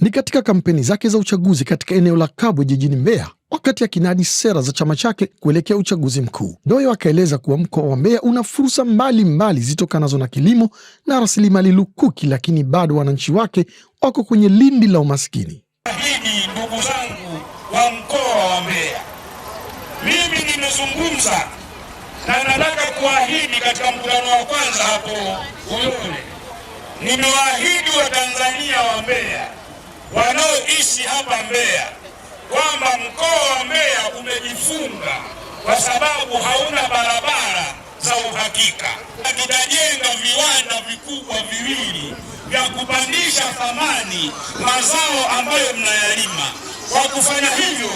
ni katika kampeni zake za uchaguzi katika eneo la Kabwe jijini Mbeya, wakati akinadi sera za chama chake kuelekea uchaguzi mkuu. Doyo akaeleza kuwa mkoa wa Mbeya una fursa mbalimbali zitokanazo na kilimo na rasilimali lukuki, lakini bado wananchi wake wako kwenye lindi la umaskini. Ahidi ndugu zangu wa mkoa wa Mbeya, mimi nimezungumza na nataka kuahidi katika mkutano wa kwanza hapo Uyole, nimewaahidi Watanzania wa Mbeya wananchi hapa Mbeya kwamba mkoa wa Mbeya umejifunga kwa sababu hauna barabara za uhakika. Tutajenga viwanda vikubwa viwili vya kupandisha thamani mazao ambayo mnayalima. Kwa kufanya hivyo,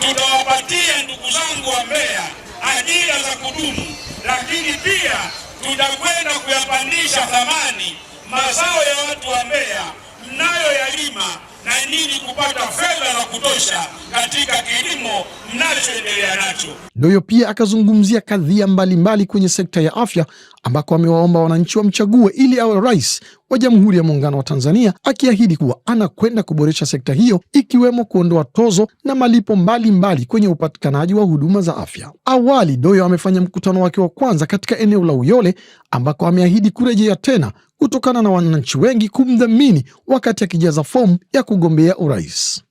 tutawapatia ndugu zangu wa Mbeya ajira za kudumu, lakini pia tutakwenda kuyapandisha thamani mazao ya watu wa Mbeya mnayoyalima na nini kupata fedha za kutosha katika kilimo mnachoendelea nacho. Doyo pia akazungumzia kadhia mbalimbali kwenye sekta ya afya ambako amewaomba wananchi wamchague ili awe rais wa Jamhuri ya Muungano wa Tanzania, akiahidi kuwa anakwenda kuboresha sekta hiyo ikiwemo kuondoa tozo na malipo mbalimbali mbali kwenye upatikanaji wa huduma za afya. Awali Doyo amefanya mkutano wake wa kwanza katika eneo la Uyole ambako ameahidi kurejea tena kutokana na wananchi wengi kumdhamini wakati akijaza fomu ya kugombea urais.